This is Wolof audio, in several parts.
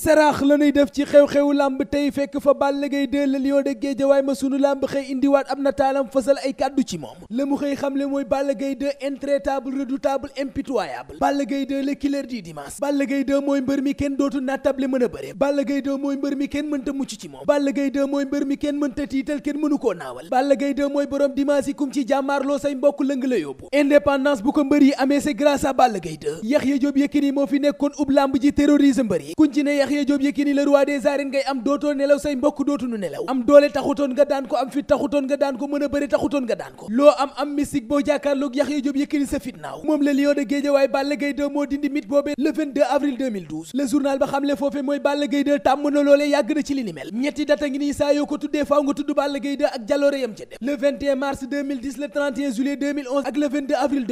saraax la ñuy def ci xew xew làmb tey fekk fa Balla gay 2 le lion de Guédiawaye ma sunu làmb xëy indiwaat am na taalam fasal ay kàddu ci moom la mu xëy xamle mooy Balla Gaye 2 intraitable redoutable impitoyable Balla Gaye 2 le killer du dimanche Balla Gaye 2 mooy mbër mi kenn dootu nattable mën a bëre Balla Gaye 2 mooy mbër mi kenn mënta mucc ci moom Balla Gaye 2 mooy mbër mi kenn mënta tiital kenn mënu koo naawal Balla gay 2 mooy borom dimanche yi kum mbokk lëng la yóbbu indépendance bu ko mbër yi amee c'est grâce à Balla Gaye 2 Yaxya moo fi nekkoon ub làmb ji terrorise mbër yi kuñ Yaxya moom le lion de Guédiawaye Balla Gaye moo dindi mit boobee le avril 2012 journal ba xamle foofe mooy Balla Gaye tàmm na loolee yàgg na ci li ni mel ñetti data ngi nii saa yoo ko tuddee faaw nga tudd Balla Gaye ak jaloore yam ca def le mars 2010 le ak le avril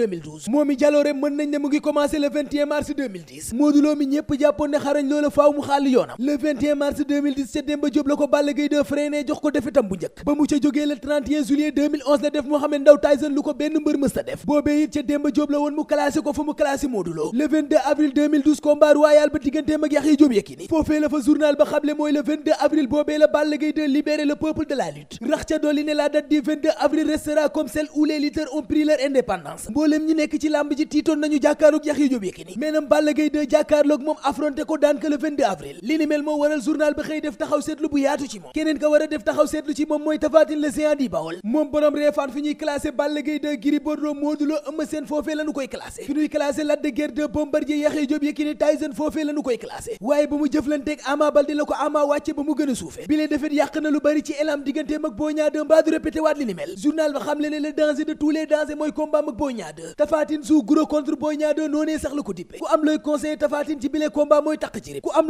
moomi jaloore mën nañ ne mu ngi commencé le mars 2010 mi ñépp jàppoon ne xarañ loola faaw mu xàll yoonam le 21 mars 2017 Demba Diop la ko Balla Gaye 2 freiné jox ko defetam bu njëkk ba mu ca jógee le 31 juillet 2011 la def Mohamed Ndao Tyson lu ko benn mbër mës def boobee it ca Demba Diop la woon mu classé ko fa mu classé Modou Lo le 22 avril 2012 combat royal ba digganteem ak Yaxya Diop Yékini foofee la fa journal ba xamle mooy le 22 avril boobee la Balla Gaye 2 libéré le peuple de la lutte rax ca dolli ne la date du 22 avril restera avril li moo waral journal bi xëy def taxaw seetlu bu yaatu ci moom keneen ka war a def taxaw seetlu ci moom mooy Tapha Tine le di Bawol moom borom reefaan fi ñuy classé Balla Gaye 2 Gris Bordeaux Modou Lô Eumeu Sène foofee la koy classé fi ñuy classé Lac de Guiers 2 Bombardier Yaxya Joob Yékini Tyson foofee la ñu koy classé waaye ba mu jëflanteeg Ama Baldé la ko Ama wàcce ba mu gën suufe bi lee yàq na lu bari ci elam digganteem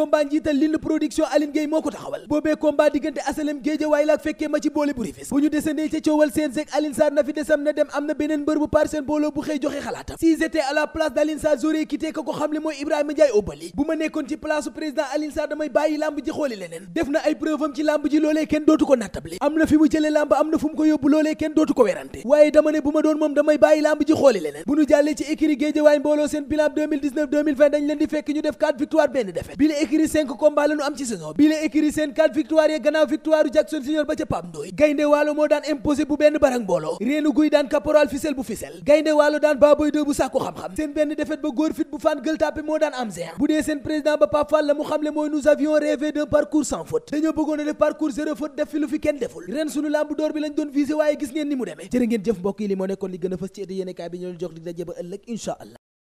combat bu xëy joxe xalaatam si j'étais à place d'Aline Sarr j'aurais quitté ko ko mooy Ibrahima Ndiaye Obali bu ma nekkoon ci place président Aline Sarr damay bàyyi lamb ji xooli leneen def na ay preuve ci lamb ji loolee kenn dootu ko nattable am na fi mu jële lamb am na fu mu ko yóbbu loolee kenn dootu ko werante waaye dama ne bu ma doon moom damay bàyyi lamb ji xooli leneen bu ñu jàllee ci écurie géejawaay mbooloo seen bilan 2019 leen di fekk ñu écurie cinq combats la ñu am ci saison bi la écurie seen quatre victoire ya gannaaw victoire Jackson Senior ba ca Pape Ndoye gaynde moo daan imposé bu benn barang mbooloo réenu guy daan caporal ficelle bu ficelle gaynde daan baaboy doo bu sàkku xam-xam seen benn defet ba góor bu faan gël tàppe moo daan am zer bu dee seen président ba Pape Fall la mu xamle mooy nous avions rêvé d'un parcours sans faute dañoo bëggoon a def parcours zéro faute def a fës ci été yéenekaay bi ñu leen jox di